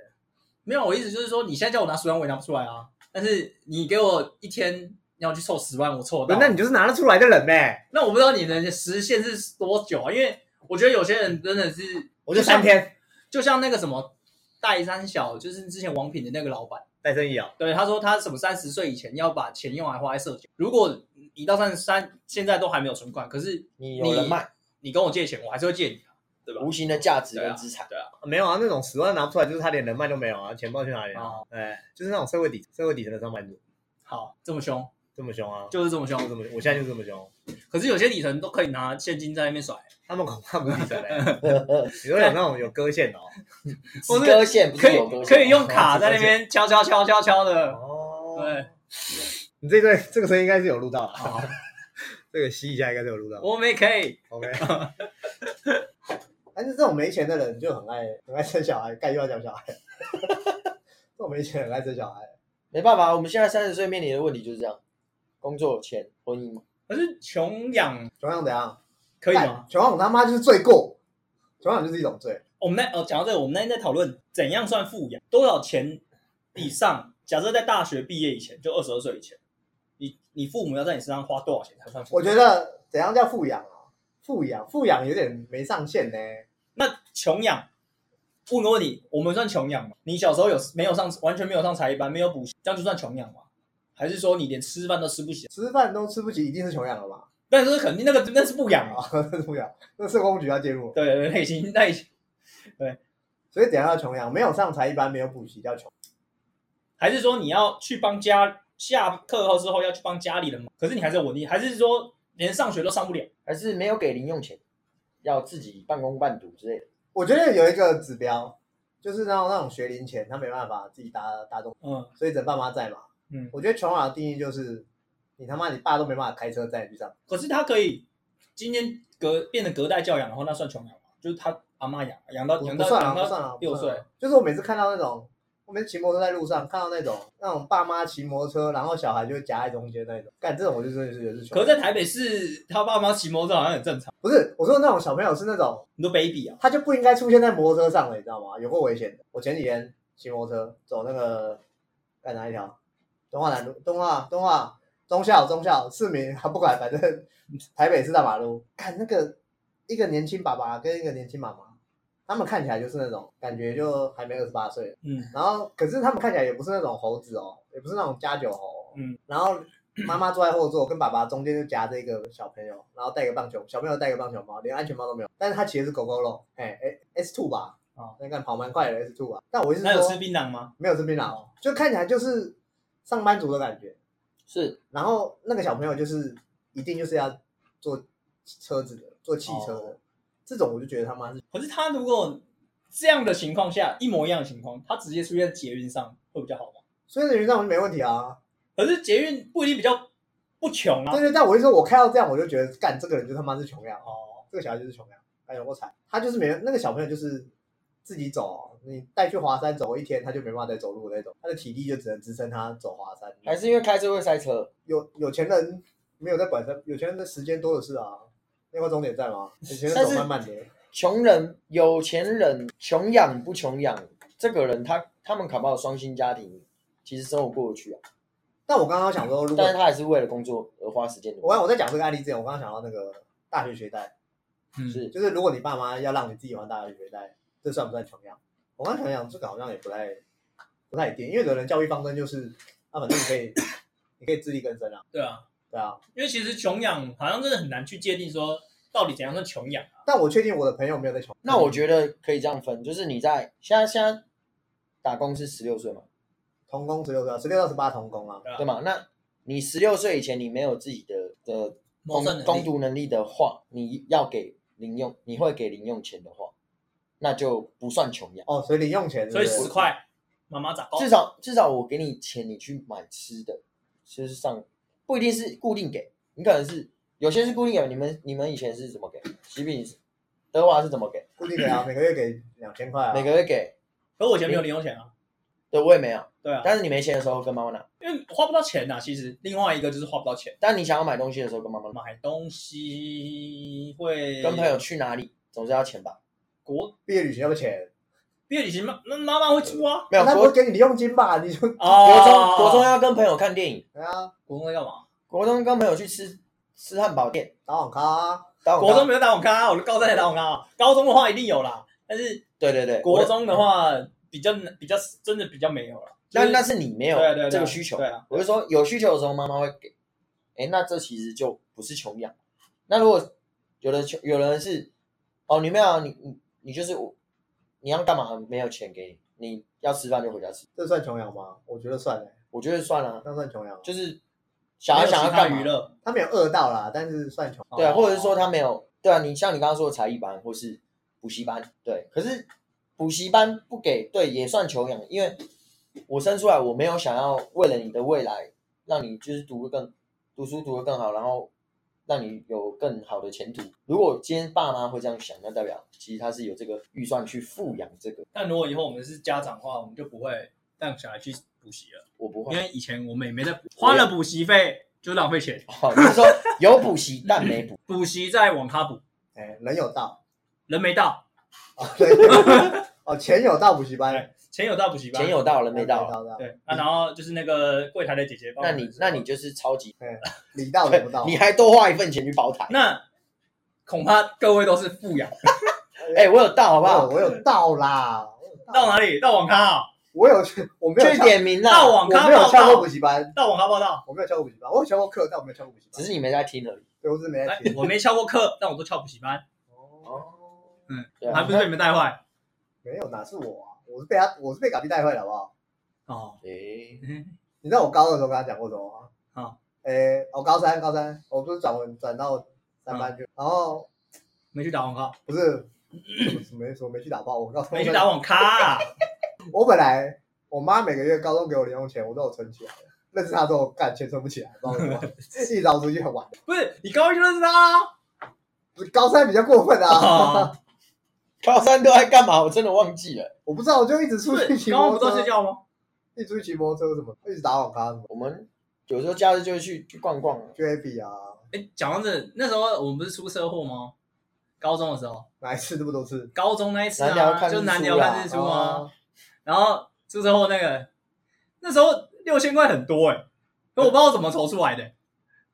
沒有，我意思就是說，你現在叫我拿十萬，我也拿不出來啊。但是你給我一天要去湊十萬，我湊得到。那你就是拿得出來的人唄。那我不知道你的時限是多久啊？因為我覺得有些人真的是，我就三天。就像那個什麼戴勝益，就是之前王品的那個老板。帶生意啊、哦，對，他說他什麼三十歲以前要把錢用來花在社交。如果你到三十三，現在都還沒有存款，可是你，你有人脈，你跟我借錢，我還是會借你啊，對吧？無形的價值跟資產，對啊，對啊。沒有啊，那種十萬拿不出來，就是他連人脈都沒有啊，錢包去哪裡？啊？對、哦哎，就是那種社會底社會底層的上班族。好，這麼兇。這麼兇啊！就是這麼兇，怎、就是、麼？我現在就是這麼兇。可是有些底層都可以拿現金在那邊甩，他們恐怕不是底層嘞。你說有那種有割線的、喔，是歌線不是線，可以可以用卡在那邊敲敲敲敲敲的。哦，對，你這對這個聲音應該是有錄到啊。哦、 <laughs> 這個吸一下應該是有錄到。我沒可以。OK。 <laughs> 但是這種沒錢的人就很愛很愛生小孩，蓋又要講小孩。 <laughs> 這種沒錢很愛生小孩， <laughs> 沒辦法，我們現在三十歲面臨的問題就是這樣。工作、錢、婚姻，可是窮養窮養怎樣可以嗎？窮養我他媽就是罪過，窮養就是一種罪。我們那哦，講、喔、到這個，我們那天在討論怎樣算富養，多少錢以上？假設在大學畢業以前，就二十二歲以前，你你父母要在你身上花多少錢才算富養？我覺得怎樣叫富養啊？富養富養有點沒上限呢、欸。那窮養？父母問個問題，我們算窮養嗎？你小時候有沒有上完全沒有上才藝班，沒有補習，這樣就算窮養嗎？還是說你連吃飯都吃不起，吃飯都吃不起，一定是窮養了吧？但是肯定那個那是不養啊，那是不養，啊， <laughs> 那社工局要介入。對對對，已經那已經對，所以等下要窮養，沒有上才一般沒有補習要窮。還是說你要去幫家下課後之後要去幫家裡人？可是你還是穩定，還是說連上學都上不了？還是沒有給零用錢，要自己半工半讀之類的？嗯、我覺得有一個指標，就是那種那種學齡前，他沒辦法自己搭搭動，嗯，所以等爸媽在嘛。嗯，我覺得窮養的定義就是，你他媽你爸都沒辦法開車載你去上，可是他可以。今天隔變成隔代教養的話，然後，那算窮養嗎？就是他阿媽養養到，養到，不，不算了，不算了，六歲。就是我每次看到那種，我每次騎摩托車在路上看到那種那種爸媽騎摩托車，然後小孩就夾在中間那種，幹這種我就真、是就是、的是窮。可是，在台北市是他爸媽騎摩托車好像很正常。不是，我說那種小朋友是那種你都 baby 啊，他就不應該出現在摩托車上了，你知道嗎？有過危險的。我前幾天騎摩托車走那個幹哪一條？東華南路，東華東華中校中校市民，啊不管反正，台北是大馬路。看那個一個年輕爸爸跟一個年輕媽媽，他們看起來就是那種感覺，就還沒二十八歲。嗯，然後可是他們看起來也不是那種猴子哦，也不是那種加九猴、哦。嗯，然後媽媽坐在後座，跟爸爸中間就夾着一個小朋友，然後帶個棒球，小朋友帶個棒球帽，連安全帽都沒有。但是他騎的是狗狗路，哎哎，S two 吧？哦，那你、個、看跑蠻快的 S two 吧？但我意思說，他有吃檳榔嗎？沒有吃檳榔哦，就看起來就是。上班族的感覺，是。然後那個小朋友就是一定就是要坐車子的，坐汽車的。哦、這種我就覺得他媽是。可是他如果這樣的情況下，一模一樣的情況，他直接出現在捷運上會比較好嗎？出現在捷運上我就沒問題啊。可是捷運不一定比較不窮啊。但就是在我意思，我看到這樣我就覺得，幹這個人就他媽是窮樣哦，這個小孩就是窮樣，哎呦我慘，他就是沒那個小朋友就是自己走。你帶去華山走一天，他就沒辦法再走路的那種，他的體力就只能支撐他走華山。還是因為開車會塞車，有有錢人沒有在管他，有錢人的時間多的是啊。那個終點站嗎？有錢人走慢慢的。窮人、有錢人，窮養不窮養，這個人他他們卡爆了雙薪家庭，其實生活過得去啊。但我剛剛想說如果，但是他也是為了工作而花時間的。我剛我在講這個案例之前，我剛剛想到那個大學學貸，嗯，是就是如果你爸媽要讓你自己玩大學學貸，這算不算窮養？我剛想想，這個好像也不太不太一定，因為有人教育方針就是，那、啊、反正你可以 <coughs> 你可以自力更生啊。對啊，對啊。因為其實窮養好像真的很難去界定說到底怎樣算窮養啊。但我確定我的朋友沒有在窮養。那我覺得可以這樣分，就是你在現在現在打工是十六歲嘛？童工十六歲、啊，十六到十八童工啊，對嘛、啊？那你十六歲以前你沒有自己的的工工讀能力的話，你要給零用，你會給零用錢的話？那就不算窮養哦，所以零用錢是是，所以十塊，媽媽咋夠？至少至少我給你錢，你去買吃的。事實上，不一定是固定給，你可能是有些是固定給。你們你們以前是怎麼給？喜餅德華是怎麼給？固定給啊，每個月給兩千塊啊， <laughs> 每個月給。可我以前沒有零用錢啊，對我也沒有。對啊，但是你沒錢的時候跟媽媽拿，因為花不到錢吶、啊。其實另外一個就是花不到錢。但你想要買東西的時候跟媽媽。買東西會跟朋友去哪裡，總是要錢吧？國畢業旅行要不要錢？畢業旅行嘛，那媽媽會出啊，沒有、啊，他不會給你的佣金吧？你說、哦、國中國中要跟朋友看電影，對啊。國中在幹嘛？國中跟朋友去吃吃漢堡店，打網咖、啊啊。國中沒有打網咖、啊，我說高三才打網咖、啊。高中的話一定有啦。但是對對對，國中的話比較、嗯、比較，比較真的比較沒有了。但、就是、那，那是你沒有這個需求，對啊對啊對啊、我就說有需求的時候媽媽會給。哎、欸，那這其實就不是窮養。那如果有的窮有人是哦，你沒有你、啊、你。你就是，你要幹嘛？沒有錢給你，你要吃飯就回家吃。這算窮養嗎？我覺得算、欸，我覺得算啊，那算窮養，就是想要娛樂，想要看娛樂，他沒有餓到啦，但是算窮養。對、啊，或者是說他沒有，哦、對啊，你像你剛剛說的才藝班或是補習班，對。可是補習班不給，對，也算窮養，因為我生出來我沒有想要為了你的未來，讓你就是讀得更讀書讀得更好，然後。讓你有更好的前途。如果今天爸媽會這樣想，那代表其實他是有這個預算去富養這個。但如果以後我們是家長的話，我們就不會讓小孩去補習了。我不會，因為以前我們也沒在花了補習費就浪費錢、欸。哦，你說有補習 <laughs> 但沒補補，補 <laughs> 習在網咖補。哎、欸，人有到，人沒到。哦，對， <laughs> 哦，錢有到補習班。錢有到補習班，錢有到了沒到，了 okay, 到，到？對、嗯、啊，然後就是那個櫃台的姐姐的。那你那你就是超級、嗯、理到理不到， <laughs> 你還多花一份錢去包台。 <laughs> 那恐怕各位都是富養。哎、 <laughs> 欸，我有到好不好我我？我有到啦，到哪裡？到網咖啊、喔？我有去，我沒有去點名。了。到網咖，我沒有翹過補習班。到網咖報到，我沒有翹過補習班。我有翹過課，但我沒有翹過補習班。只是你沒在聽而已。對我是沒在聽。欸、我沒翹過課，但我都翹補習班。哦、oh，嗯，我還不是被你們帶壞？沒有，哪是我、啊？我是被他，我是被搞幣帶壞的，好不好？哦，誒，你知道我高二的時候跟他講過什麼嗎？好、哦、誒、欸，哦，我高三，高三，我不是轉轉到三班去，嗯、然後沒去打網咖，不是， <coughs> 沒說沒去打網咖，沒去打網咖。我，高高卡 <laughs> 我本來我媽每個月高中給我零用錢，我都有存起來的。認識他之後，感覺存不起來，不知道為什麼，洗澡很晚。 <laughs> 不是你高一就認識他了，高三比較過分啊。哦高三都在幹嘛？我真的忘記了，我不知道，我就一直出去騎。剛剛不都在睡覺嗎？一直出去騎摩托車，什麼？一直打網咖，我們有時候假日就會去去逛逛，去 happy 啊。誒，講到這，那時候我們不是出車禍嗎？高中的時候，哪一次這麼多次？高中那一次啊，南寮要看日出，就南寮看日出嗎？啊，然後出車禍那個，那時候六千塊很多哎、欸，可我不知道怎麼籌出來的，欸、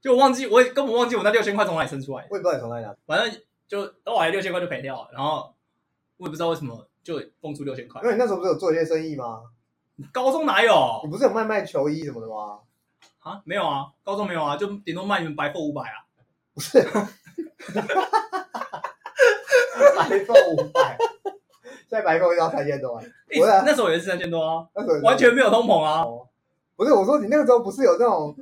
就我忘記，我也根本忘記我那六千塊從哪裡生出來的。我也不知道從哪裡來。反正就後來六千塊就賠掉了，然後。我也不知道為什麼就蹦出六千塊，因為你那時候不是有做一些生意嗎？高中哪有？你不是有賣賣球衣什麼的嗎？啊，沒有啊，高中沒有啊，就頂多賣你們白送五百啊，不是、啊，哈哈哈哈哈哈，白送五百，現在白送都要三千多、欸、啊！不是，那時候也是三千多啊，那時候也是、啊、完全沒有通膨啊、哦，不是，我說你那個時候不是有那種。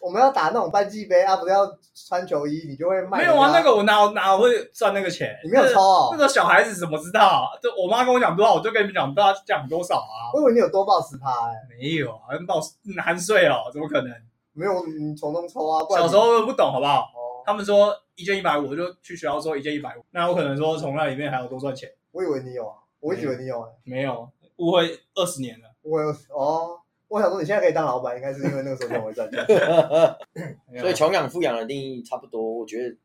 我們要打那種班際杯啊，不是要穿球衣，你就會賣。沒有啊，那個我哪有哪有會賺那個錢？你沒有抽哦。那個小孩子怎麼知道？就我媽跟我講多少，我就跟你們講，大家講多少啊。我以為你有多爆十趴誒，沒有啊，你爆十難睡哦，怎麼可能？沒有，你從中抽啊不。小時候不懂好不好？哦、他們說一件一百五，我就去學校說一件一百五。那我可能說從那裡面還要多賺錢。我以為你有啊，我以為你有啊、欸嗯。沒有，誤會二十年了。我有。哦。我想說你現在可以當老闆，應該是因為那個時候很會賺錢。所以窮養富養的定義差不多，我覺得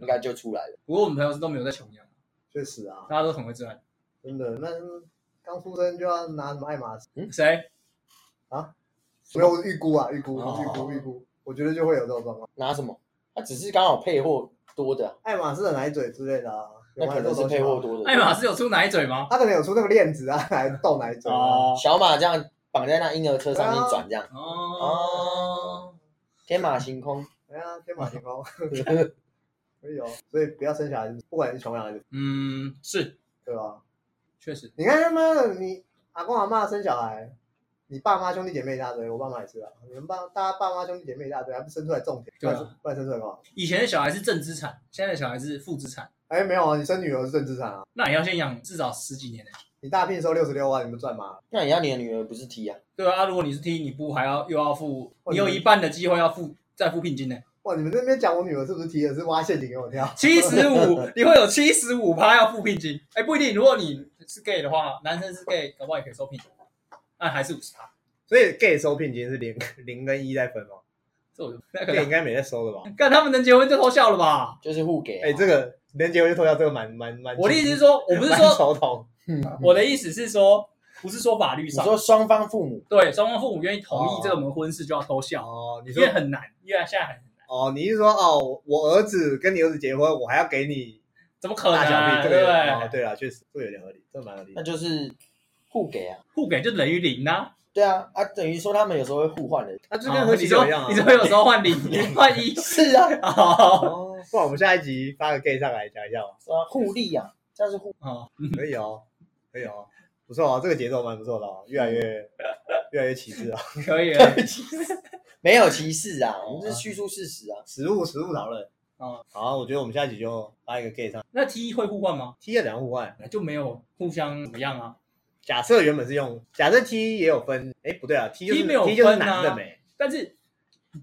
應該就出來了。不過我們朋友是都沒有在窮養，確實啊，大家都很會賺。真的，那剛出生就要拿什麼愛馬仕？嗯、誰、啊？不要預估啊，預估，預、哦、估，預估好好好，我覺得就會有這種狀況。拿什麼？它、啊、只是剛好配貨多的，愛馬仕的奶嘴之類的啊。那可能是配貨多的。愛馬仕有出奶嘴嗎？他可能有出那個鏈子啊，豆奶嘴啊，哦、小馬這樣。放在那嬰兒車上面轉這樣、啊，哦，天馬行空，對啊，天馬行空， <laughs> <laughs> 可以哦。所以不要生小孩子，不管是窮小孩子，嗯，是，對吧、啊？確實，你看他媽的，你阿公阿媽生小孩，你爸媽兄弟姐妹一大堆，我爸媽也知道、啊。你們爸大家爸媽兄弟姐妹一大堆，還不生出來種田，對啊，不然生出來幹嘛？以前的小孩是正資產，現在的小孩是負資產，哎、欸，沒有啊，你生女兒是正資產啊，那你要先養至少十幾年、欸你大聘收六十六萬，你們賺嗎？那人家你的女兒不是 T 啊？對啊，如果你是 T，你不還要又要付你？你有一半的機會要付再付聘金呢。哇，你們這邊講我女兒是不是 T 也是挖陷阱給我跳？七十五，你會有七十五趴要付聘金。哎、 <laughs> 欸，不一定，如果你是 gay 的話，男生是 gay，的話也可以收聘金。啊， <laughs> 還是五十趴。所以 gay 收聘金是零零跟一在分嗎？這我就 gay 應該沒在收的吧？看 <laughs> 他們能結婚就偷笑了吧？就是互給、啊。哎、欸，這個能結婚就偷笑，這個蠻蠻蠻。我的意思是說， <laughs> 我不是說 <laughs> 嗯、我的意思是說，不是說法律上，你說雙方父母對雙方父母願意同意這個我們婚事就要偷笑哦，你說，因為很難，因為現在很難哦。你是說哦，我兒子跟你兒子結婚，我還要給你，怎麼可能？大小對、嗯、對啊，確、哦、實這有點合理，這蠻合理。那就是互給啊，互給就等於零啊。對啊，啊，等於說他們有時候會互換的，他、啊、就跟何啟、啊哦、說、啊，你怎麼有時候換零換一次 <laughs> 啊？哦，哦不然我們下一集發個 gay 上來講一下嘛。是互利啊，這樣是互啊，可以哦。可以哦、啊，不錯哦、啊，這個節奏蠻不錯的哦、啊，越來越 <laughs> 越來越歧視哦、啊。可以了， <laughs> 沒有歧視啊，我 <laughs> 們是敘述事實啊，啊實物實物討論啊、嗯。好啊，我覺得我們下一集就發一個 gay 上。那 T 會互換嗎？T 啊，怎樣互換、啊，就沒有互相怎麼樣啊？假設原本是用假設 T 也有分，誒，不對啊，T 沒有、就是、T 沒有分、啊、T 就是男的但是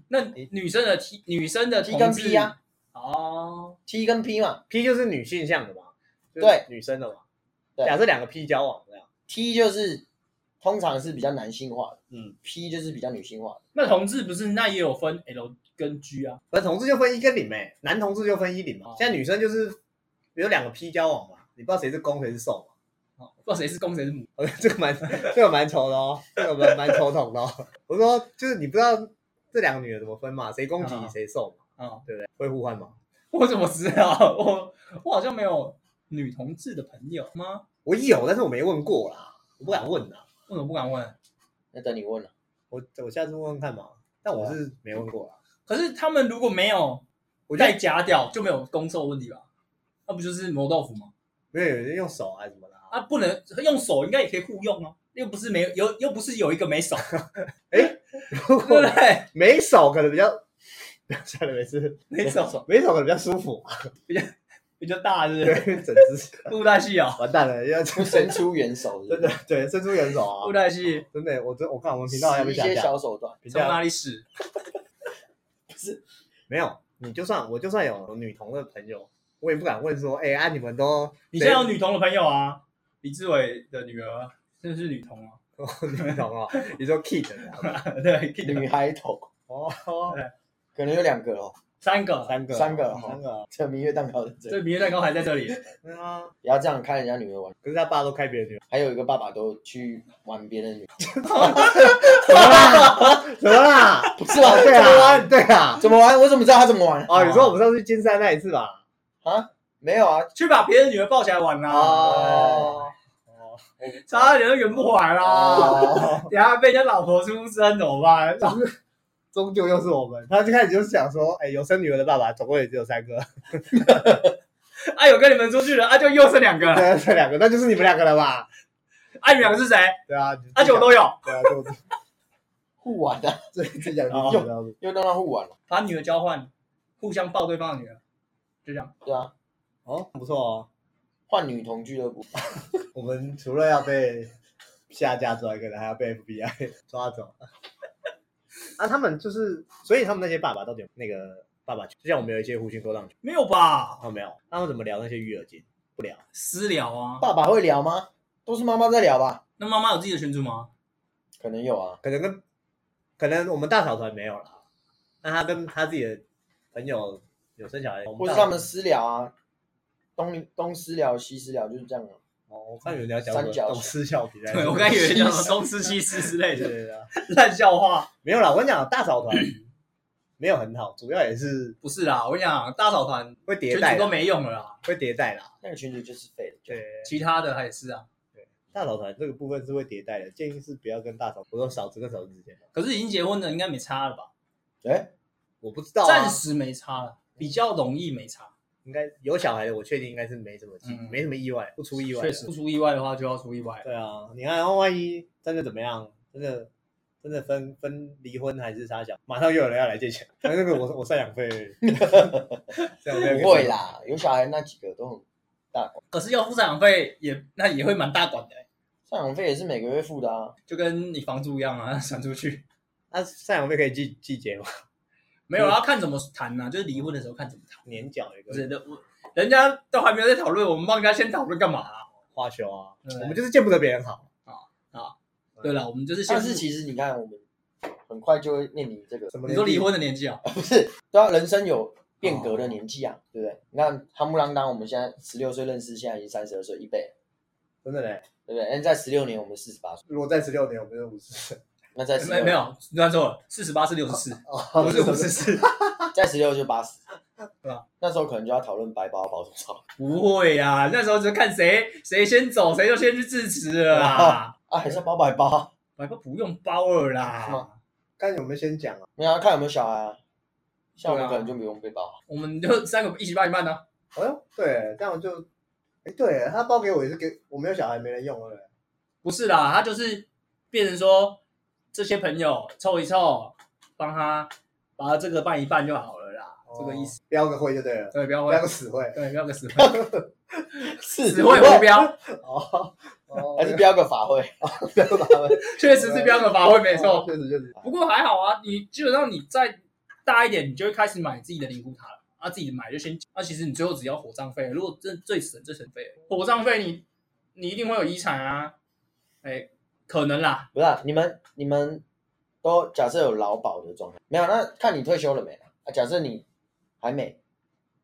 那女生的 T 女生的 T 跟 P 啊，哦、oh、，T 跟 P 嘛，P 就是女性向的嘛，對，女生的嘛。假設、啊啊、兩個 P 交往這樣、啊、，T 就是通常是比較男性化的，嗯，P 就是比較女性化的。那同志不是那也有分 L 跟 G 啊？那同志就分一跟零，欸，男同志就分一零嘛、哦。現在女生就是有兩個 P 交往嘛，你不知道誰是攻誰是受嘛？哦，不知道誰是攻誰是母，這個蠻這個蠻愁的哦，這個蠻、這個、蠻頭疼、 <laughs> 這個這個、的、哦。我說就是你不知道這兩個女的怎麼分嘛，誰攻擊誰受嘛？啊、哦，對不對？哦、會互換嗎？我怎麼知道？我我好像沒有。女同志的朋友嗎？我有，但是我沒問過啦，我不敢問啊。為什麼不敢問？那等你問了，我我下次問問看嘛。但我是沒問過啊、嗯。可是他們如果沒有，我再加掉就沒有工作問題吧？那、啊、不就是磨豆腐嗎？沒有，用手還是怎麼啦？啊，不能用手，應該也可以互用啊。又不是沒有，又不是有一個沒手。哎、 <laughs> 欸， <laughs> 如果沒手可能比較，算 <laughs> 沒事，沒手沒手可能比較舒服，比較。比較大，是不是？對整只布袋戲哦，完蛋了，要伸出援手、 <laughs> 啊， <laughs> 真的，對，伸出援手啊，布袋戲，真的，我真我看我們頻道還沒講，一些小手段，從哪裡不是，沒有，你就算我就算有女童的朋友，我也不敢問說，哎、欸啊，你們都你現在有女童的朋友啊？李志偉的女兒是不是女童哦， <laughs> 女童哦、啊，你說 kid， <laughs> 對，女孩童 <laughs> 哦對，可能有兩個哦。三個，三個，三、嗯、個，三個。這明月蛋糕這裡，的這明月蛋糕還在這裡。對啊，然後這樣開人家女兒玩，可是他爸都開別人女兒。還有一個爸爸都去玩別人女兒。怎 <laughs> <laughs> 麼啦？怎 <laughs> 麼啦？ <laughs> 不是吧？對啊，對啊。怎麼玩？我怎麼知道他怎麼玩？哦，哦，你說我們上次去金山那一次吧？啊？沒有啊，去把別人女兒抱起來玩啦、啊。哦哦，差點都圓不回來啦。等、哦、下 <laughs> 被人家老婆出聲怎麼辦？哦 <laughs> 終究又是我們。他最開始就是想說，哎，有生女兒的爸爸總共也只有三個。阿 <laughs> 友、啊、跟你們出去了，阿、啊、就又剩兩個，剩兩個，那就是你們兩個了吧？啊、你們兩個是誰？對啊，阿舅、啊、都有。對啊，都是互玩的。這這講什麼？又又弄到互玩了，把女兒交換，互相抱對方的女兒，就這樣。對啊。哦，不錯哦。換女童俱樂部。 <laughs> 我們除了要被下架之外，可能還要被 FBI 抓走。那、啊、他們就是，所以他們那些爸爸到底有，有那個爸爸群，就像我們有一些父親勾上去。沒有吧？啊、哦，沒有。那他們怎麼聊那些育兒經？不聊，私聊啊。爸爸會聊嗎？都是媽媽在聊吧。那媽媽有自己的群組嗎？可能有啊，可能跟，可能我們大嫂團沒有了。那他跟他自己的朋友有生小孩，或是他們私聊啊，東東私聊，西私聊，就是這樣、啊哦、我看有人要講什麼東施效顰，對我剛以為講什麼東吃西施之類的， <laughs> 對爛、啊對啊，、 <laughs> 笑話沒有啦。我跟你講，大嫂團沒有很好， <coughs> 主要也是不是啦。我跟你講，大嫂團會迭代，群主都沒用了啦，會迭代啦、啊。那個群主就是廢的對。對，其他的他也是啊。對，大嫂團這個部分是會迭代的，建議是不要跟大嫂，不說嫂子跟嫂子之間。可是已經結婚的應該沒差了吧？哎、欸，我不知道、啊，暫時沒差了、嗯，比較容易沒差。應該有小孩的，我確定應該是沒什麼、嗯，沒什麼意外，不出意外。確實不出意外的話，就要出意外、嗯。對啊，你看，萬一真的怎麼樣，真的真的分分離婚還是啥小，馬上又有人要來借錢。 <laughs> 那個我，我我贍養費，這 <laughs> 樣贍養費 <laughs> 不會啦。有小孩那幾個都很大管，可是要付贍養費也那也會蠻大管的、欸。贍養費也是每個月付的啊，就跟你房租一樣啊，算出去。那贍養費可以季季結嗎？沒有要看怎麼談吶、啊，就是離婚的時候看怎麼談。黏腳一個，不是的，我人家都還沒有在討論，我們幫人家先討論幹嘛、啊？花銷啊對對，我們就是見不得別人好啊、哦哦、啊！對了、啊啊啊啊啊，我們就是現在。但是其實你看，我們很快就會面臨這個什麼。你說離婚的年紀啊？哦、不是，對啊，人生有變革的年紀啊，哦、對不對？你看，夯不啷當，我們現在十六歲認識，現在已經三十二歲，一倍了，真的嘞，對不對？那、嗯、在十六年，我們四十八歲。如果在十六年，我們就五十歲。那在 16...、欸，沒、欸、沒有，你算錯了，四十八是六十四，不是五十四。再十六就八十，對吧？那時候可能就要討論白包包多少？不會呀、啊， <laughs> 那時候就看誰誰先走，誰就先去致詞了啦。啊，還是要包白包，白、欸、包不用包二啦。看有沒有先講啊。沒有，看有沒有小孩，啊。小孩、啊、可能就不用背包了、啊。我們就三個一起包一半呢、啊。哎，對，這樣就，哎、欸，對他包給我也是給，我沒有小孩，沒人用的。不是啦，他就是變成說。這些朋友湊一湊，幫他把他這個辦一辦就好了啦、哦，這個意思。標個會就對了，對，標，會標個死會，對，標個死會，死會不標，哦，哦 <laughs> 還是標個法會，標個法會，確 <laughs> <laughs> 實是標個法會、哦哦、 <laughs> 沒錯，確、哦、實確、就、實、是。不過還好啊，你基本上你再大一點，你就會開始買自己的靈骨塔了啊，自己買就先。那、啊、其實你最後只要火葬費，如果真最省最省費，火葬費你你一定會有遺產啊，哎、欸。可能啦，不是你們，你們都假設有勞保的狀態，沒有？那看你退休了沒啊？假設你還沒，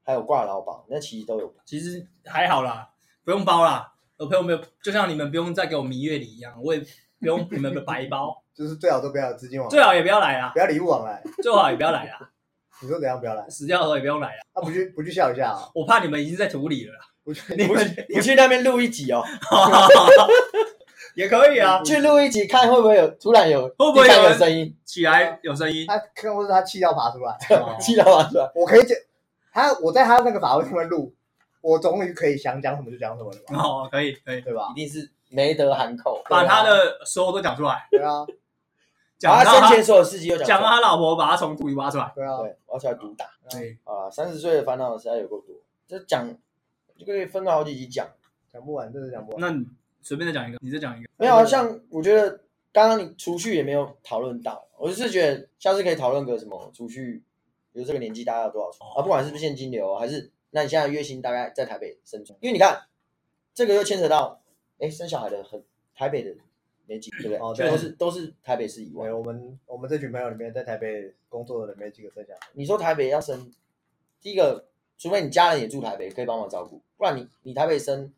還有掛勞保，那其實都有。其實還好啦，不用包啦，我朋友沒有就像你們不用再給我彌月禮一樣，我也不用你們的白包。 <laughs> 就是最好都不要有資金往來，最好也不要來啦，不要禮物往來，最好也不要來啦。 <laughs> 你說怎樣不要來？ <laughs> 死掉後，也不用來了，啊？不去不去笑一下，喔，我怕你們已經在土裡了。不去，你去你，去，你去那邊錄一集哦，喔。 <laughs> <laughs> 也可以啊，去錄一集看，會不會有突然有會不會有聲音起來有聲音、音？他或是他氣要爬出來？氣、哦、要爬出來？我可以講他，我在他那個法會上面錄，我終於可以想講什麼就講什麼了。哦，可以，可以，對吧？一定是沒得喊口，把他的所有都講出來。對啊，講他生 <laughs> 前所有事情，講 <laughs> 他老婆把他從土裡挖出來。對啊，挖出來毒打。對，對啊，三十歲的煩惱，實在有夠多。這講一個月分了好幾集講，講不完，真的講不完。那你隨便再講一個，你再講一個，沒有好像我覺得剛剛你儲蓄也沒有討論到，我就是覺得下次可以討論個什麼儲蓄，比如這個年紀大概有多少歲啊？不管是不是現金流、啊，還是那你現在月薪大概在台北生存？因為你看這個又牽扯到，哎、欸，生小孩的很台北的沒幾個，對不對？哦，對，都、就是都是台北市以外。我們我們這群朋友裡面在台北工作的人沒幾個生小孩。你說台北要生，第一個除非你家人也住台北，可以幫我照顧，不然你你台北生。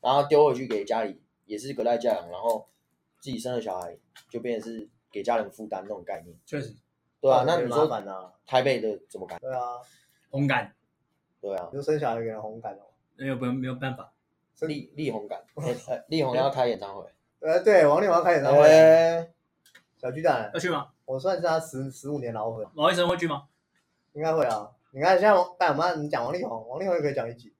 然後丟回去給家裡，也是隔代教養，然後自己生了小孩，就變成是給家人負擔這種概念。確實，對啊，那你說台北的怎麼辦？對啊，紅館，對啊，就生小孩給人紅館沒有，沒有，沒有辦法，力力宏館， <laughs> 力宏館，哎、力宏要開演唱會。呃、啊，對，王力宏要開演唱會。小巨蛋要去嗎？我算是他十十五年老粉。王醫生會去嗎？應該會啊。你看，現在我但凡你講王力宏，王力宏也可以講一集。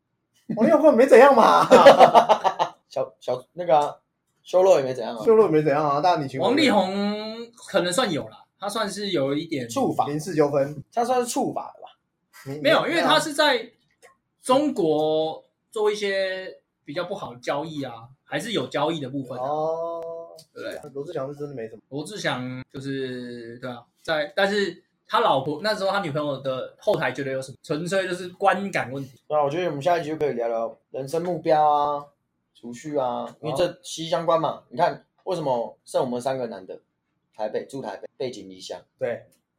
王力宏沒怎樣嘛， <laughs> 小小那個、啊、修路也沒怎樣、啊，修路也沒怎樣啊。但你情況，有沒有王力宏可能算有了，他算是有一點觸法，民事糾紛， <laughs> 他算是觸法的吧？沒有，因為他是在中國做一些比較不好的交易啊，還是有交易的部分、啊、哦。對，羅志祥是真的沒什麼，羅志祥就是對啊，在但是。他老婆那時候，他女朋友的後台覺得有什麼，純粹就是觀感問題。那、啊、我覺得我們下一集就可以聊聊人生目標啊、儲蓄啊、哦，因為這息息相關嘛。你看，為什麼剩我們三個男的，台北住台北，背井離鄉，對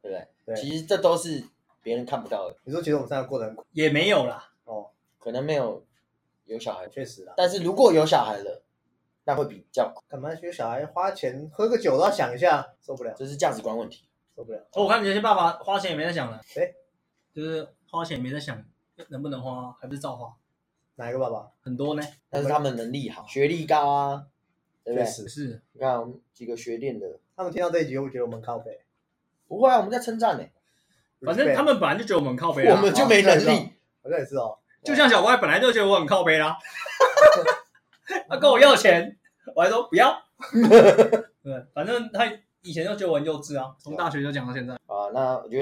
對不對，對？其實這都是別人看不到的。你說，其實我們三個過得很苦，也沒有啦。哦，可能沒有有小孩了，確實啦，但是如果有小孩了，那會比較苦。可能有小孩花錢喝個酒都要想一下，受不了。就是、這是價值觀問題。受不了！哦，我看有些爸爸花錢也沒在想了，哎、欸，就是花錢也沒在想能不能花，還不是照花。哪一個爸爸？很多呢，但是他們能力好，學歷高啊，對不對？是，你看我們幾個學電的，他們聽到這一集會覺得我們很靠北。不會啊，我們在稱讚呢。反正他們本來就覺得我們很靠北啊。我們就沒能力。好像也是哦。就像小歪本來就覺得我很靠北啦， <laughs> <laughs> 他跟我要錢，我還說不要。 <laughs> <laughs> 對，反正他。以前就覺得我很幼稚啊，從大學就講到現在。啊，那我覺得。